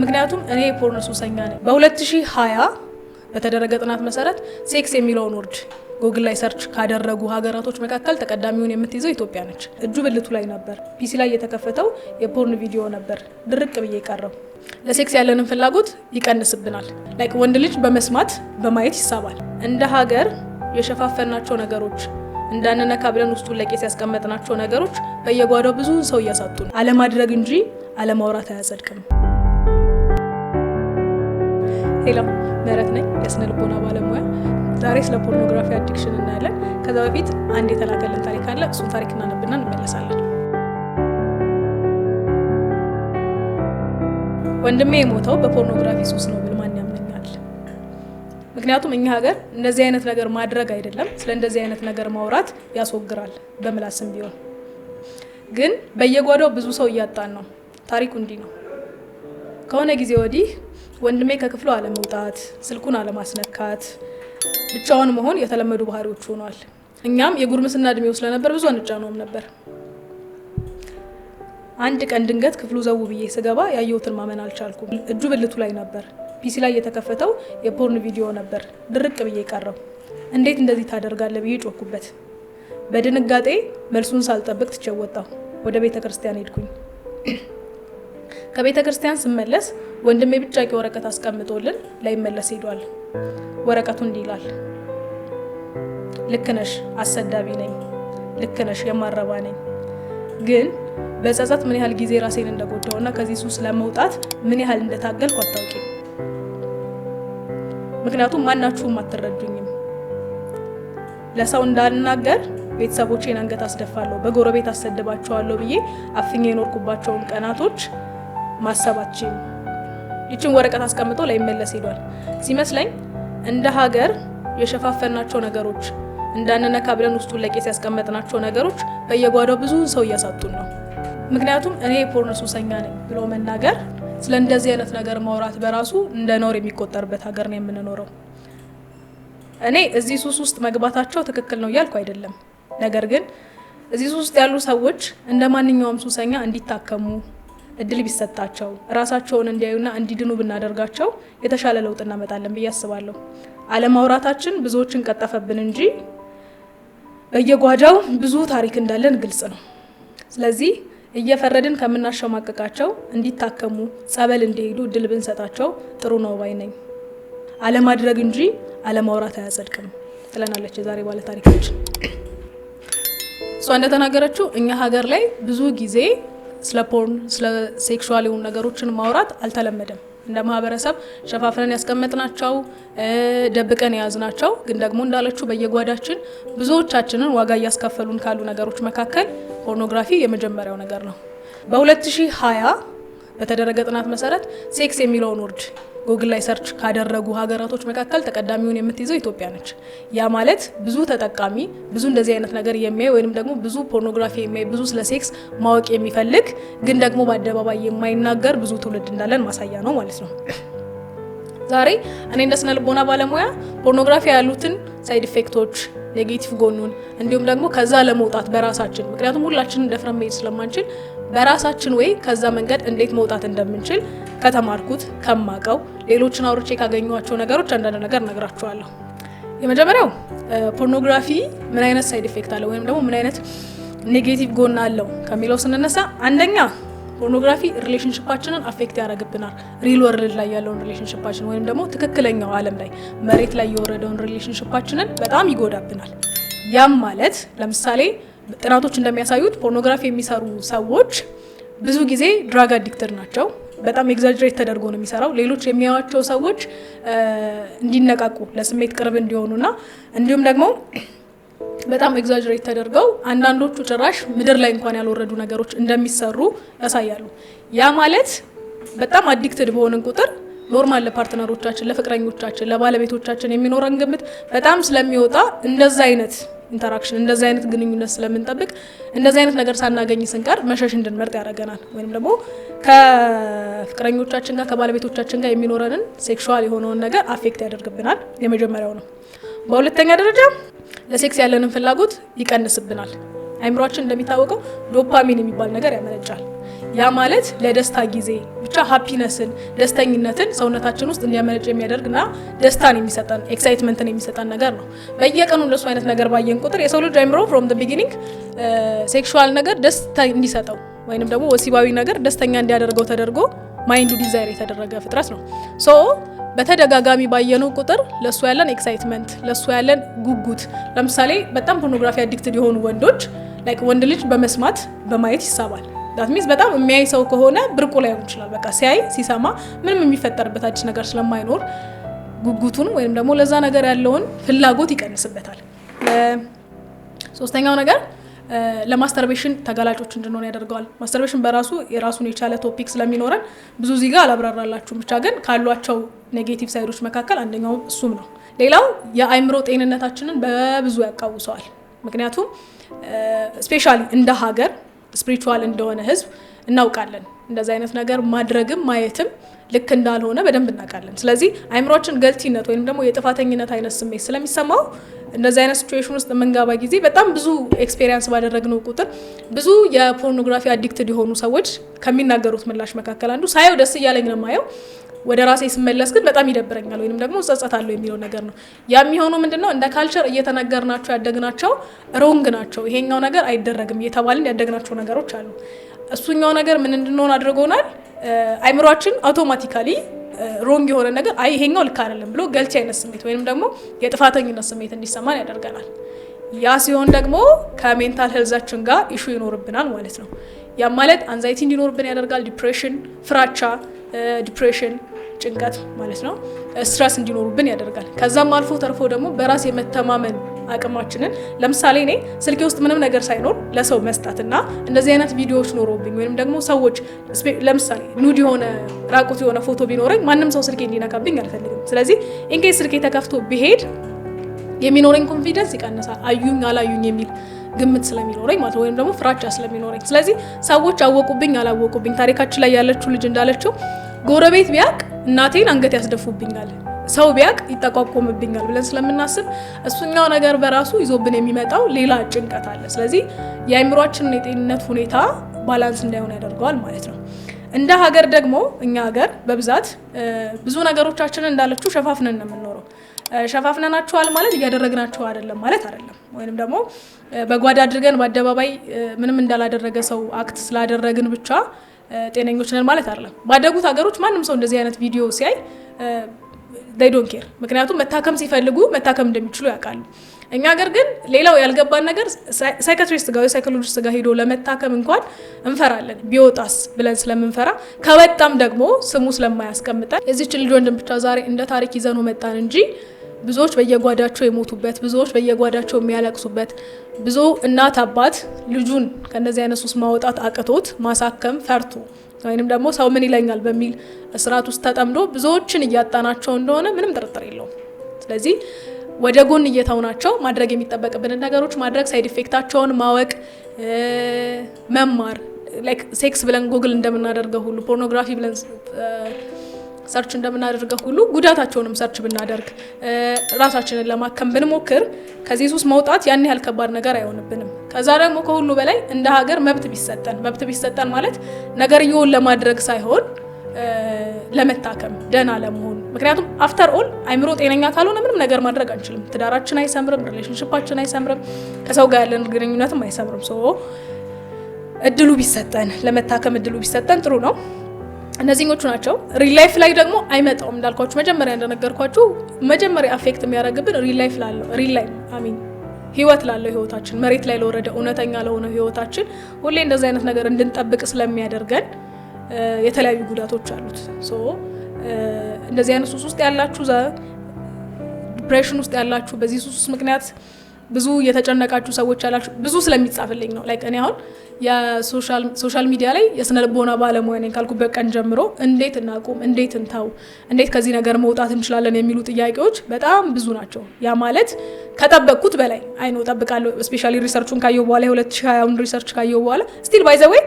ምክንያቱም እኔ የፖርኖ ሱሰኛ ነኝ። በ2020 በተደረገ ጥናት መሰረት ሴክስ የሚለውን ወርድ ጎግል ላይ ሰርች ካደረጉ ሀገራቶች መካከል ተቀዳሚውን የምትይዘው ኢትዮጵያ ነች። እጁ ብልቱ ላይ ነበር። ፒሲ ላይ የተከፈተው የፖርን ቪዲዮ ነበር። ድርቅ ብዬ ቀረው። ለሴክስ ያለንን ፍላጎት ይቀንስብናል። ላይክ ወንድ ልጅ በመስማት በማየት ይሳባል። እንደ ሀገር የሸፋፈናቸው ነገሮች እንዳንነካ ብለን ውስጡን ለቄስ ያስቀመጥናቸው ነገሮች በየጓዳው ብዙውን ሰው እያሳጡ ነው። አለማድረግ እንጂ አለማውራት አያጸድቅም። ሄላ ምህረት ነኝ የስነ ልቦና ባለሙያ። ዛሬ ስለ ፖርኖግራፊ አዲክሽን እናያለን። ከዛ በፊት አንድ የተላከልን ታሪክ አለ። እሱን ታሪክ እናነብና እንመለሳለን። ወንድሜ የሞተው በፖርኖግራፊ ሱስ ነው ብል ማን ያምነኛል? ምክንያቱም እኛ ሀገር እንደዚህ አይነት ነገር ማድረግ አይደለም ስለ እንደዚህ አይነት ነገር ማውራት ያስወግራል፣ በምላስም ቢሆን ግን በየጓዳው ብዙ ሰው እያጣን ነው። ታሪኩ እንዲህ ነው። ከሆነ ጊዜ ወዲህ ወንድሜ ከክፍሉ አለመውጣት፣ ስልኩን አለማስነካት፣ ብቻውን መሆን የተለመዱ ባህሪዎች ሆኗል። እኛም የጉርምስና እድሜው ስለነበር ብዙ አንጫነውም ነበር። አንድ ቀን ድንገት ክፍሉ ዘው ብዬ ስገባ ያየሁትን ማመን አልቻልኩም። እጁ ብልቱ ላይ ነበር። ፒሲ ላይ የተከፈተው የፖርን ቪዲዮ ነበር። ድርቅ ብዬ ቀረው። እንዴት እንደዚህ ታደርጋለ ብዬ ጮኩበት። በድንጋጤ መልሱን ሳልጠብቅ ትቼ ወጣሁ። ወደ ቤተ ክርስቲያን ሄድኩኝ። ከቤተ ክርስቲያን ስመለስ ወንድሜ ብጫቂ ወረቀት አስቀምጦልን ላይመለስ ሄዷል። ወረቀቱ እንዲህ ይላል፣ ልክነሽ አሰዳቢ ነኝ፣ ልክነሽ የማረባ ነኝ። ግን በጸጸት ምን ያህል ጊዜ ራሴን እንደጎዳውና ከዚህ ሱስ ለመውጣት ምን ያህል እንደታገልኩ አታውቂ። ምክንያቱም ማናችሁም አትረዱኝም። ለሰው እንዳልናገር ቤተሰቦቼን አንገት አስደፋለሁ፣ በጎረቤት አሰድባቸዋለሁ ብዬ አፍኜ የኖርኩባቸውን ቀናቶች ማሰባችን ይችን ወረቀት አስቀምጦ ላይመለስ ሄዷል ሲመስለኝ እንደ ሀገር የሸፋፈናቸው ነገሮች እንዳንነካ ብለን ውስጡን ለቄስ ያስቀመጥናቸው ነገሮች በየጓዳው ብዙ ሰው እያሳጡን ነው። ምክንያቱም እኔ የፖርን ሱሰኛ ነኝ ብሎ መናገር ስለ እንደዚህ አይነት ነገር ማውራት በራሱ እንደ ኖር የሚቆጠርበት ሀገር ነው የምንኖረው። እኔ እዚህ ሱስ ውስጥ መግባታቸው ትክክል ነው እያልኩ አይደለም። ነገር ግን እዚህ ሱስ ውስጥ ያሉ ሰዎች እንደ ማንኛውም ሱሰኛ እንዲታከሙ እድል ቢሰጣቸው ራሳቸውን እንዲያዩና እንዲድኑ ብናደርጋቸው የተሻለ ለውጥ እናመጣለን ብዬ አስባለሁ። አለማውራታችን ብዙዎችን ቀጠፈብን እንጂ በየጓዳው ብዙ ታሪክ እንዳለን ግልጽ ነው። ስለዚህ እየፈረድን ከምናሸማቀቃቸው እንዲታከሙ ጸበል እንዲሄዱ እድል ብንሰጣቸው ጥሩ ነው ባይ ነኝ። አለማድረግ እንጂ አለማውራት አያጸድቅም ትለናለች የዛሬ ባለታሪካችን። እሷ እንደተናገረችው እኛ ሀገር ላይ ብዙ ጊዜ ስለ ፖርን፣ ስለ ሴክሹዋል የሆኑ ነገሮችን ማውራት አልተለመደም። እንደ ማህበረሰብ ሸፋፍነን ያስቀመጥናቸው ደብቀን የያዝናቸው ግን ደግሞ እንዳለችው በየጓዳችን ብዙዎቻችንን ዋጋ እያስከፈሉን ካሉ ነገሮች መካከል ፖርኖግራፊ የመጀመሪያው ነገር ነው። በ2020 በተደረገ ጥናት መሰረት ሴክስ የሚለውን ውርድ ጉግል ላይ ሰርች ካደረጉ ሀገራቶች መካከል ተቀዳሚውን የምትይዘው ኢትዮጵያ ነች። ያ ማለት ብዙ ተጠቃሚ ብዙ እንደዚህ አይነት ነገር የሚያይ ወይም ደግሞ ብዙ ፖርኖግራፊ የሚያይ ብዙ ስለ ሴክስ ማወቅ የሚፈልግ ግን ደግሞ በአደባባይ የማይናገር ብዙ ትውልድ እንዳለን ማሳያ ነው ማለት ነው። ዛሬ እኔ እንደ ስነ ልቦና ባለሙያ ፖርኖግራፊ ያሉትን ሳይድ ኢፌክቶች ኔጌቲቭ ጎኑን እንዲሁም ደግሞ ከዛ ለመውጣት በራሳችን ምክንያቱም ሁላችንን ደፍረን መሄድ ስለማንችል በራሳችን ወይ ከዛ መንገድ እንዴት መውጣት እንደምንችል ከተማርኩት ከማቀው ሌሎችን አውርቼ ካገኘኋቸው ነገሮች አንዳንድ ነገር ነግራችኋለሁ። የመጀመሪያው ፖርኖግራፊ ምን አይነት ሳይድ ኢፌክት አለው ወይም ደግሞ ምን አይነት ኔጌቲቭ ጎን አለው ከሚለው ስንነሳ አንደኛ ፖርኖግራፊ ሪሌሽንሽፓችንን አፌክት ያደርግብናል። ሪል ወርልድ ላይ ያለውን ሪሌሽንሽፓችን ወይም ደግሞ ትክክለኛው ዓለም ላይ መሬት ላይ የወረደውን ሪሌሽንሽፓችንን በጣም ይጎዳብናል። ያም ማለት ለምሳሌ ጥናቶች እንደሚያሳዩት ፖርኖግራፊ የሚሰሩ ሰዎች ብዙ ጊዜ ድራግ አዲክተር ናቸው። በጣም ኤግዛጅሬት ተደርጎ ነው የሚሰራው። ሌሎች የሚያዩቸው ሰዎች እንዲነቃቁ ለስሜት ቅርብ እንዲሆኑና እንዲሁም ደግሞ በጣም ኤግዛጅሬት ተደርገው አንዳንዶቹ ጭራሽ ምድር ላይ እንኳን ያልወረዱ ነገሮች እንደሚሰሩ ያሳያሉ። ያ ማለት በጣም አዲክትድ በሆንን ቁጥር ኖርማል ለፓርትነሮቻችን፣ ለፍቅረኞቻችን፣ ለባለቤቶቻችን የሚኖረን ግምት በጣም ስለሚወጣ እንደዛ አይነት ኢንተራክሽን እንደዚህ አይነት ግንኙነት ስለምንጠብቅ እንደዚህ አይነት ነገር ሳናገኝ ስንቀር መሸሽ እንድንመርጥ ያደርገናል። ወይም ደግሞ ከፍቅረኞቻችን ጋር ከባለቤቶቻችን ጋር የሚኖረንን ሴክሹዋል የሆነውን ነገር አፌክት ያደርግብናል። የመጀመሪያው ነው። በሁለተኛ ደረጃ ለሴክስ ያለንን ፍላጎት ይቀንስብናል። አይምሯችን እንደሚታወቀው ዶፓሚን የሚባል ነገር ያመነጫል። ያ ማለት ለደስታ ጊዜ ብቻ ሀፒነስን፣ ደስተኝነትን ሰውነታችን ውስጥ እንዲያመነጭ የሚያደርግና ደስታን የሚሰጠን ኤክሳይትመንትን የሚሰጠን ነገር ነው። በየቀኑ እንደሱ አይነት ነገር ባየን ቁጥር የሰው ልጅ አይምሮ ፍሮም ደ ቢጊኒንግ ሴክሹዋል ነገር ደስታ እንዲሰጠው ወይንም ደግሞ ወሲባዊ ነገር ደስተኛ እንዲያደርገው ተደርጎ ማይንዱ ዲዛይር የተደረገ ፍጥረት ነው። ሶ በተደጋጋሚ ባየነው ቁጥር ለእሱ ያለን ኤክሳይትመንት፣ ለእሱ ያለን ጉጉት ለምሳሌ በጣም ፖርኖግራፊ አዲክትድ የሆኑ ወንዶች ላይክ ወንድ ልጅ በመስማት በማየት ይሳባል። ሚንስ በጣም የሚያይ ሰው ከሆነ ብርቁ ላይሆን ይችላል። በቃ ሲያይ ሲሰማ ምንም የሚፈጠርበት አዲስ ነገር ስለማይኖር ጉጉቱን ወይም ደግሞ ለዛ ነገር ያለውን ፍላጎት ይቀንስበታል። ሶስተኛው ነገር ለማስተርቤሽን ተጋላጮች እንድንሆን ያደርገዋል። ማስተርቤሽን በራሱ የራሱን የቻለ ቶፒክ ስለሚኖረን ብዙ እዚህ ጋር አላብራራላችሁም። ብቻ ግን ካሏቸው ኔጌቲቭ ሳይዶች መካከል አንደኛው እሱም ነው። ሌላው የአእምሮ ጤንነታችንን በብዙ ያቃውሰዋል። ምክንያቱም ስፔሻሊ እንደ ሀገር ስፒሪቹዋል እንደሆነ ህዝብ እናውቃለን። እንደዚህ አይነት ነገር ማድረግም ማየትም ልክ እንዳልሆነ በደንብ እናውቃለን። ስለዚህ አይምሯችን ገልቲነት ወይም ደግሞ የጥፋተኝነት አይነት ስሜት ስለሚሰማው እንደዚህ አይነት ሲቹዌሽን ውስጥ የምንገባ ጊዜ በጣም ብዙ ኤክስፔሪንስ ባደረግነው ቁጥር ብዙ የፖርኖግራፊ አዲክትድ የሆኑ ሰዎች ከሚናገሩት ምላሽ መካከል አንዱ ሳየው ደስ እያለኝ ነው ማየው ወደ ራሴ ስመለስ ግን በጣም ይደብረኛል ወይም ደግሞ ጸጸታለሁ የሚለው ነገር ነው። ያ የሚሆኑ ምንድነው እንደ ካልቸር እየተነገርናቸው ያደግናቸው ሮንግ ናቸው፣ ይሄኛው ነገር አይደረግም እየተባልን ያደግናቸው ነገሮች አሉ። እሱኛው ነገር ምን እንድንሆን አድርጎናል። አይምሯችን አውቶማቲካሊ ሮንግ የሆነ ነገር አይ ይሄኛው ልክ አይደለም ብሎ ገልቻ አይነት ስሜት ወይም ደግሞ የጥፋተኝነት ስሜት እንዲሰማን ያደርገናል። ያ ሲሆን ደግሞ ከሜንታል ሄልዛችን ጋር ኢሹ ይኖርብናል ማለት ነው። ያም ማለት አንዛይቲ እንዲኖርብን ያደርጋል። ዲፕሬሽን፣ ፍራቻ፣ ዲፕሬሽን፣ ጭንቀት ማለት ነው። ስትረስ እንዲኖሩብን ያደርጋል። ከዛም አልፎ ተርፎ ደግሞ በራስ የመተማመን አቅማችንን ለምሳሌ እኔ ስልኬ ውስጥ ምንም ነገር ሳይኖር ለሰው መስጠትና እንደዚህ አይነት ቪዲዮዎች ኖሮብኝ ወይም ደግሞ ሰዎች ለምሳሌ ኑድ የሆነ ራቁት የሆነ ፎቶ ቢኖረኝ ማንም ሰው ስልኬ እንዲነካብኝ አልፈልግም። ስለዚህ ኢንኬስ ስልኬ ተከፍቶ ቢሄድ የሚኖረኝ ኮንፊደንስ ይቀንሳል። አዩኝ አላዩኝ የሚል ግምት ስለሚኖረኝ ማለት ወይም ደግሞ ፍራቻ ስለሚኖረኝ። ስለዚህ ሰዎች አወቁብኝ አላወቁብኝ ታሪካችን ላይ ያለችው ልጅ እንዳለችው ጎረቤት ቢያቅ እናቴን አንገት ያስደፉብኛል ሰው ቢያቅ ይጠቋቆምብኛል ብለን ስለምናስብ እሱኛው ነገር በራሱ ይዞብን የሚመጣው ሌላ ጭንቀት አለ። ስለዚህ የአይምሯችንን የጤንነት ሁኔታ ባላንስ እንዳይሆን ያደርገዋል ማለት ነው። እንደ ሀገር ደግሞ እኛ ሀገር በብዛት ብዙ ነገሮቻችንን እንዳለችው ሸፋፍነን ነው የምንኖረው። ሸፋፍነናችኋል ማለት እያደረግናቸው አይደለም ማለት አይደለም። ወይም ደግሞ በጓዳ አድርገን በአደባባይ ምንም እንዳላደረገ ሰው አክት ስላደረግን ብቻ ጤነኞች ነን ማለት አይደለም። ባደጉት ሀገሮች ማንም ሰው እንደዚህ አይነት ቪዲዮ ሲያይ ዴይ ዶንት ኬር። ምክንያቱም መታከም ሲፈልጉ መታከም እንደሚችሉ ያውቃሉ። እኛ ሀገር ግን ሌላው ያልገባን ነገር ሳይካትሪስት ጋር ሳይኮሎጂስት ጋር ሄዶ ለመታከም እንኳን እንፈራለን፣ ቢወጣስ ብለን ስለምንፈራ ከወጣም ደግሞ ስሙ ስለማያስቀምጠን የዚች ልጅ ወንድም ብቻ ዛሬ እንደ ታሪክ ይዘኑ መጣን እንጂ ብዙዎች በየጓዳቸው የሞቱበት፣ ብዙዎች በየጓዳቸው የሚያለቅሱበት፣ ብዙ እናት አባት ልጁን ከእንደዚህ አይነት ሱስ ማውጣት አቅቶት ማሳከም ፈርቶ ወይንም ደግሞ ሰው ምን ይለኛል በሚል እስራት ውስጥ ተጠምዶ ብዙዎችን እያጣናቸው እንደሆነ ምንም ጥርጥር የለውም። ስለዚህ ወደ ጎን ናቸው ማድረግ የሚጠበቅብንን ነገሮች ማድረግ፣ ሳይድ ኢፌክታቸውን ማወቅ፣ መማር ሴክስ ብለን ጉግል እንደምናደርገው ሁሉ ፖርኖግራፊ ብለን ሰርች እንደምናደርገው ሁሉ ጉዳታቸውንም ሰርች ብናደርግ ራሳችንን ለማከም ብንሞክር ከዚህ ሱስ መውጣት ያን ያህል ከባድ ነገር አይሆንብንም። ከዛ ደግሞ ከሁሉ በላይ እንደ ሀገር መብት ቢሰጠን መብት ቢሰጠን ማለት ነገርየውን ለማድረግ ሳይሆን ለመታከም ደህና ለመሆን ምክንያቱም አፍተር ኦል አይምሮ ጤነኛ ካልሆነ ምንም ነገር ማድረግ አንችልም። ትዳራችን አይሰምርም፣ ሪሌሽንሽፓችን አይሰምርም፣ ከሰው ጋር ያለን ግንኙነትም አይሰምርም። ሶ እድሉ ቢሰጠን ለመታከም እድሉ ቢሰጠን ጥሩ ነው። እነዚህኞቹ ናቸው። ሪል ላይፍ ላይ ደግሞ አይመጣውም እንዳልኳችሁ መጀመሪያ እንደነገርኳችሁ መጀመሪያ አፌክት የሚያደርግብን ሪል ላይፍ ላለው ሪል ላይፍ አሚን ህይወት ላለው ህይወታችን መሬት ላይ ለወረደ እውነተኛ ለሆነ ህይወታችን ሁሌ እንደዚህ አይነት ነገር እንድንጠብቅ ስለሚያደርገን የተለያዩ ጉዳቶች አሉት። እንደዚህ አይነት ሱስ ውስጥ ያላችሁ፣ ዲፕሬሽን ውስጥ ያላችሁ በዚህ ሱስ ምክንያት ብዙ የተጨነቃችሁ ሰዎች ያላችሁ ብዙ ስለሚጻፍልኝ ነው። ላይክ እኔ አሁን የሶሻል ሚዲያ ላይ የስነ ልቦና ባለሙያ ነኝ ካልኩበት ቀን ጀምሮ እንዴት እናቁም፣ እንዴት እንተው፣ እንዴት ከዚህ ነገር መውጣት እንችላለን የሚሉ ጥያቄዎች በጣም ብዙ ናቸው። ያ ማለት ከጠበቅኩት በላይ አይ ነው ጠብቃለሁ። ስፔሻሊ ሪሰርቹን ካየሁ በኋላ የ2020 ሪሰርች ካየሁ በኋላ ስቲል ባይ ዘ ዌይ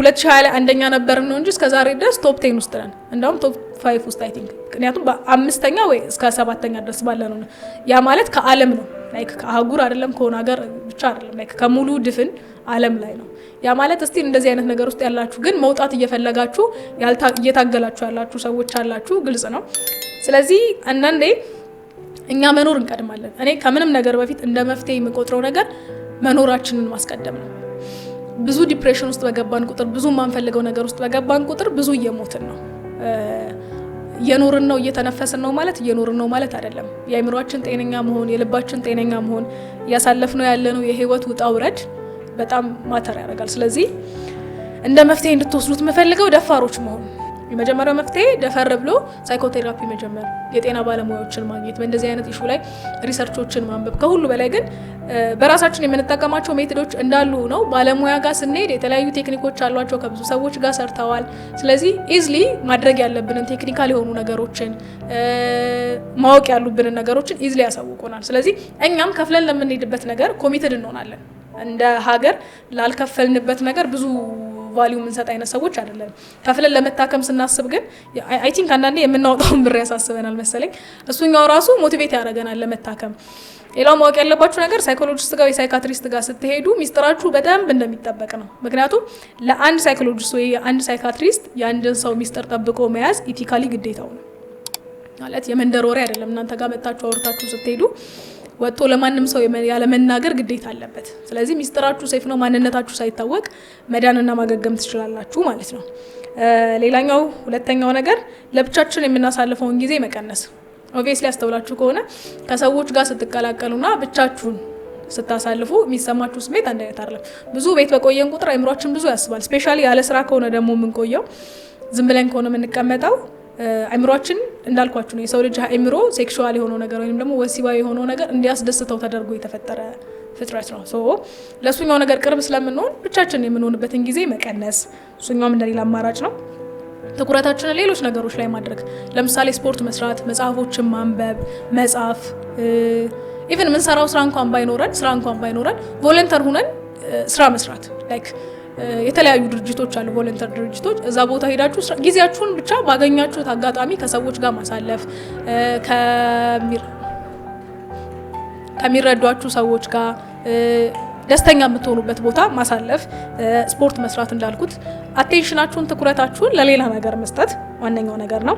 2020 ላይ አንደኛ ነበር ነው እንጂ እስከዛሬ ድረስ ቶፕ ቴን ውስጥ ነን። እንዳውም ቶፕ ፋይቭ ውስጥ አይ ቲንክ ምክንያቱም በአምስተኛ ወይ እስከ ሰባተኛ ድረስ ባለ ነው። ያ ማለት ከአለም ነው ላይክ ከአህጉር አይደለም ከሆነ ሀገር ብቻ አይደለም ላይክ ከሙሉ ድፍን ዓለም ላይ ነው። ያ ማለት እስቲ እንደዚህ አይነት ነገር ውስጥ ያላችሁ ግን መውጣት እየፈለጋችሁ እየታገላችሁ ያላችሁ ሰዎች አላችሁ፣ ግልጽ ነው። ስለዚህ አንዳንዴ እኛ መኖር እንቀድማለን። እኔ ከምንም ነገር በፊት እንደ መፍትሄ የምቆጥረው ነገር መኖራችንን ማስቀደም ነው። ብዙ ዲፕሬሽን ውስጥ በገባን ቁጥር፣ ብዙ የማንፈልገው ነገር ውስጥ በገባን ቁጥር ብዙ እየሞትን ነው። እየኖርን ነው እየተነፈስን ነው ማለት እየኖርን ነው ማለት አይደለም። የአእምሯችን ጤነኛ መሆን የልባችን ጤነኛ መሆን እያሳለፍነው ያለነው የህይወት ውጣ ውረድ በጣም ማተር ያደርጋል። ስለዚህ እንደ መፍትሄ እንድትወስዱት የምፈልገው ደፋሮች መሆን የመጀመሪያው መፍትሄ ደፈር ብሎ ሳይኮቴራፒ መጀመር፣ የጤና ባለሙያዎችን ማግኘት፣ በእንደዚህ አይነት ኢሹ ላይ ሪሰርቾችን ማንበብ። ከሁሉ በላይ ግን በራሳችን የምንጠቀማቸው ሜቶዶች እንዳሉ ነው። ባለሙያ ጋር ስንሄድ የተለያዩ ቴክኒኮች አሏቸው፣ ከብዙ ሰዎች ጋር ሰርተዋል። ስለዚህ ኢዝሊ ማድረግ ያለብንን ቴክኒካል የሆኑ ነገሮችን ማወቅ ያሉብንን ነገሮችን ኢዝሊ ያሳውቁናል። ስለዚህ እኛም ከፍለን ለምንሄድበት ነገር ኮሚትድ እንሆናለን። እንደ ሀገር ላልከፈልንበት ነገር ብዙ ቫሊዩ የምንሰጥ አይነት ሰዎች አይደለም። ከፍለን ለመታከም ስናስብ ግን አይ ቲንክ አንዳንዴ የምናወጣውን ብር ያሳስበናል መሰለኝ። እሱኛው ራሱ ሞቲቬት ያደርገናል ለመታከም። ሌላው ማወቅ ያለባችሁ ነገር ሳይኮሎጂስት ጋር ወይ ሳይካትሪስት ጋር ስትሄዱ ሚስጥራችሁ በደንብ እንደሚጠበቅ ነው። ምክንያቱም ለአንድ ሳይኮሎጂስት ወይ የአንድ ሳይካትሪስት የአንድን ሰው ሚስጥር ጠብቆ መያዝ ኢቲካሊ ግዴታው ነው ማለት የመንደር ወሬ አይደለም። እናንተ ጋር መታችሁ አውርታችሁ ስትሄዱ ወጥቶ ለማንም ሰው ያለመናገር ግዴታ አለበት። ስለዚህ ሚስጥራችሁ ሴፍ ነው፣ ማንነታችሁ ሳይታወቅ መዳንና ማገገም ትችላላችሁ ማለት ነው። ሌላኛው ሁለተኛው ነገር ለብቻችን የምናሳልፈውን ጊዜ መቀነስ። ኦቪየስሊ ያስተውላችሁ ከሆነ ከሰዎች ጋር ስትቀላቀሉና ብቻችሁን ስታሳልፉ የሚሰማችሁ ስሜት አንድ አይነት አይደለም። ብዙ ቤት በቆየን ቁጥር አይምሯችን ብዙ ያስባል። ስፔሻሊ ያለ ስራ ከሆነ ደግሞ የምንቆየው ዝም ብለን ከሆነ የምንቀመጠው አይምሯችን እንዳልኳችሁ ነው። የሰው ልጅ አይምሮ ሴክሹዋል የሆነው ነገር ወይም ደግሞ ወሲባዊ የሆነው ነገር እንዲያስደስተው ተደርጎ የተፈጠረ ፍጥረት ነው። ሶ ለእሱኛው ነገር ቅርብ ስለምንሆን ብቻችን የምንሆንበትን ጊዜ መቀነስ፣ እሱኛውም እንደሌላ አማራጭ ነው። ትኩረታችንን ሌሎች ነገሮች ላይ ማድረግ፣ ለምሳሌ ስፖርት መስራት፣ መጽሐፎችን ማንበብ፣ መጻፍ ኢቨን ምንሰራው ስራ እንኳን ባይኖረን ስራ እንኳን ባይኖረን ቮለንተር ሁነን ስራ መስራት ላይክ የተለያዩ ድርጅቶች አሉ፣ ቮለንተር ድርጅቶች። እዛ ቦታ ሄዳችሁ ጊዜያችሁን ብቻ ባገኛችሁት አጋጣሚ ከሰዎች ጋር ማሳለፍ ከሚረዷችሁ ሰዎች ጋር ደስተኛ የምትሆኑበት ቦታ ማሳለፍ፣ ስፖርት መስራት፣ እንዳልኩት አቴንሽናችሁን ትኩረታችሁን ለሌላ ነገር መስጠት ዋነኛው ነገር ነው።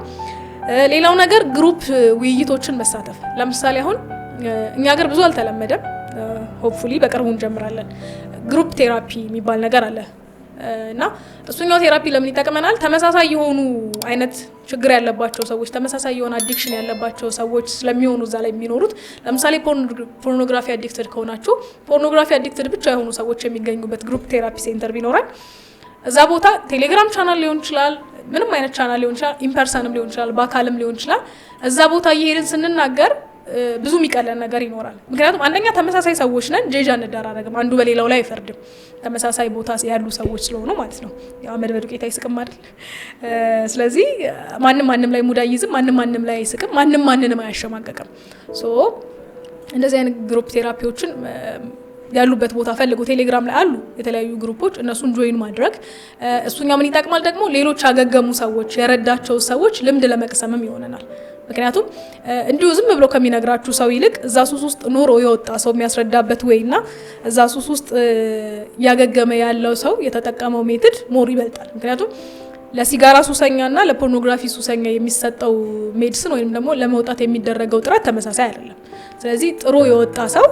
ሌላው ነገር ግሩፕ ውይይቶችን መሳተፍ። ለምሳሌ አሁን እኛ ሀገር ብዙ አልተለመደም። ሆፕፉሊ በቅርቡ እንጀምራለን። ግሩፕ ቴራፒ የሚባል ነገር አለ እና እሱኛው ቴራፒ ለምን ይጠቅመናል? ተመሳሳይ የሆኑ አይነት ችግር ያለባቸው ሰዎች ተመሳሳይ የሆነ አዲክሽን ያለባቸው ሰዎች ስለሚሆኑ እዛ ላይ የሚኖሩት ለምሳሌ ፖርኖግራፊ አዲክትድ ከሆናችሁ ፖርኖግራፊ አዲክትድ ብቻ የሆኑ ሰዎች የሚገኙበት ግሩፕ ቴራፒ ሴንተር ቢኖራል። እዛ ቦታ ቴሌግራም ቻናል ሊሆን ይችላል፣ ምንም አይነት ቻናል ሊሆን ይችላል፣ ኢምፐርሰንም ሊሆን ይችላል፣ በአካልም ሊሆን ይችላል። እዛ ቦታ እየሄድን ስንናገር ብዙ የሚቀለን ነገር ይኖራል። ምክንያቱም አንደኛ ተመሳሳይ ሰዎች ነን፣ ጄጃ እንደራረግም፣ አንዱ በሌላው ላይ አይፈርድም። ተመሳሳይ ቦታ ያሉ ሰዎች ስለሆኑ ማለት ነው። አመድ በዱቄት አይስቅም አይደል? ስለዚህ ማንም ማንም ላይ ሙድ አይዝም፣ ማንም ማንም ላይ አይስቅም፣ ማንም ማንንም አያሸማቀቅም። ሶ እንደዚህ አይነት ግሩፕ ቴራፒዎችን ያሉበት ቦታ ፈልጉ። ቴሌግራም ላይ አሉ የተለያዩ ግሩፖች፣ እነሱን ጆይን ማድረግ እሱኛ ምን ይጠቅማል ደግሞ ሌሎች ያገገሙ ሰዎች የረዳቸው ሰዎች ልምድ ለመቅሰምም ይሆነናል። ምክንያቱም እንዲሁ ዝም ብሎ ከሚነግራችሁ ሰው ይልቅ እዛ ሱስ ውስጥ ኖሮ የወጣ ሰው የሚያስረዳበት ወይ እና እዛ ሱስ ውስጥ እያገገመ ያለው ሰው የተጠቀመው ሜትድ ሞር ይበልጣል። ምክንያቱም ለሲጋራ ሱሰኛና ለፖርኖግራፊ ሱሰኛ የሚሰጠው ሜድስን ወይም ደግሞ ለመውጣት የሚደረገው ጥረት ተመሳሳይ አይደለም። ስለዚህ ጥሩ የወጣ ሰው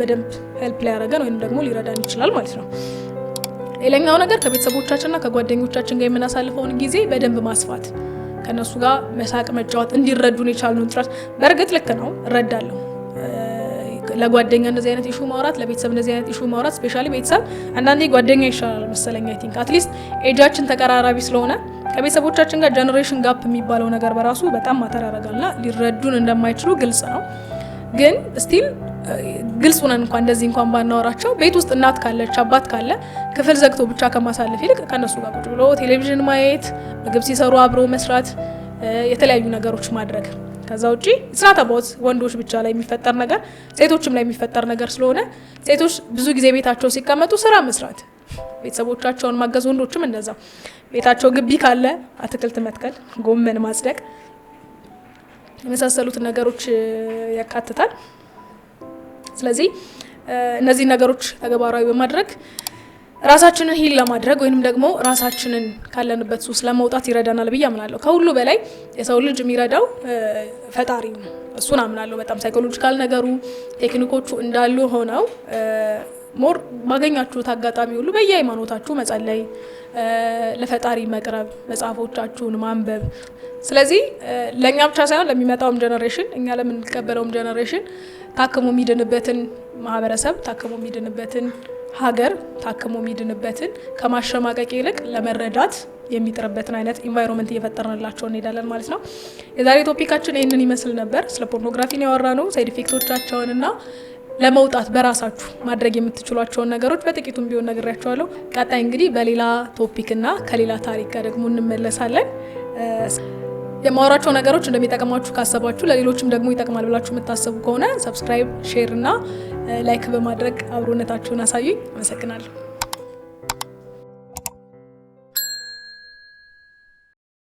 በደንብ ሄልፕ ሊያደርገን ወይም ደግሞ ሊረዳን ይችላል ማለት ነው። ሌላኛው ነገር ከቤተሰቦቻችንና ከጓደኞቻችን ጋር የምናሳልፈውን ጊዜ በደንብ ማስፋት ከነሱ ጋር መሳቅ፣ መጫወት እንዲረዱን የቻልነውን ጥረት በእርግጥ ልክ ነው እረዳለሁ። ለጓደኛ እንደዚህ አይነት ኢሹ ማውራት፣ ለቤተሰብ እንደዚህ አይነት ኢሹ ማውራት ስፔሻሊ ቤተሰብ አንዳንዴ ጓደኛ ይሻላል መሰለኝ። አይ ቲንክ አትሊስት ኤጃችን ተቀራራቢ ስለሆነ ከቤተሰቦቻችን ጋር ጀኔሬሽን ጋፕ የሚባለው ነገር በራሱ በጣም ማተር ያደርጋልና ሊረዱን እንደማይችሉ ግልጽ ነው ግን ስቲል ግልጽ ሆነን እንኳን እንደዚህ እንኳን ባናወራቸው ቤት ውስጥ እናት ካለች አባት ካለ ክፍል ዘግቶ ብቻ ከማሳለፍ ይልቅ ከእነሱ ጋር ቁጭ ብሎ ቴሌቪዥን ማየት፣ ምግብ ሲሰሩ አብሮ መስራት፣ የተለያዩ ነገሮች ማድረግ ከዛ ውጪ ስናት አባት ወንዶች ብቻ ላይ የሚፈጠር ነገር ሴቶችም ላይ የሚፈጠር ነገር ስለሆነ ሴቶች ብዙ ጊዜ ቤታቸው ሲቀመጡ ስራ መስራት፣ ቤተሰቦቻቸውን ማገዝ፣ ወንዶችም እንደዛ ቤታቸው ግቢ ካለ አትክልት መትከል፣ ጎመን ማጽደቅ የመሳሰሉት ነገሮች ያካትታል። ስለዚህ እነዚህ ነገሮች ተግባራዊ በማድረግ ራሳችንን ሂል ለማድረግ ወይንም ደግሞ ራሳችንን ካለንበት ሱስ ለመውጣት ይረዳናል ብዬ አምናለሁ። ከሁሉ በላይ የሰው ልጅ የሚረዳው ፈጣሪ ነው። እሱን አምናለሁ። በጣም ሳይኮሎጂካል ነገሩ ቴክኒኮቹ እንዳሉ ሆነው ሞር ባገኛችሁት አጋጣሚ ሁሉ በየሃይማኖታችሁ መጸለይ፣ ለፈጣሪ መቅረብ፣ መጽሐፎቻችሁን ማንበብ። ስለዚህ ለእኛ ብቻ ሳይሆን ለሚመጣውም ጀኔሬሽን እኛ ለምንቀበለውም ጀኔሬሽን ታክሞ የሚድንበትን ማህበረሰብ፣ ታክሞ የሚድንበትን ሀገር፣ ታክሞ የሚድንበትን ከማሸማቀቅ ይልቅ ለመረዳት የሚጥርበትን አይነት ኢንቫይሮንመንት እየፈጠርንላቸው እንሄዳለን ማለት ነው። የዛሬ ቶፒካችን ይህንን ይመስል ነበር። ስለ ፖርኖግራፊ ነው ያወራነው፣ ሳይድ ኢፌክቶቻቸውንና ለመውጣት በራሳችሁ ማድረግ የምትችሏቸውን ነገሮች በጥቂቱም ቢሆን ነግሬያቸዋለሁ። ቀጣይ እንግዲህ በሌላ ቶፒክና ከሌላ ታሪክ ጋር ደግሞ እንመለሳለን። የማወራቸው ነገሮች እንደሚጠቅማችሁ ካሰባችሁ ለሌሎችም ደግሞ ይጠቅማል ብላችሁ የምታሰቡ ከሆነ ሰብስክራይብ፣ ሼር እና ላይክ በማድረግ አብሮነታችሁን አሳዩኝ። አመሰግናለሁ።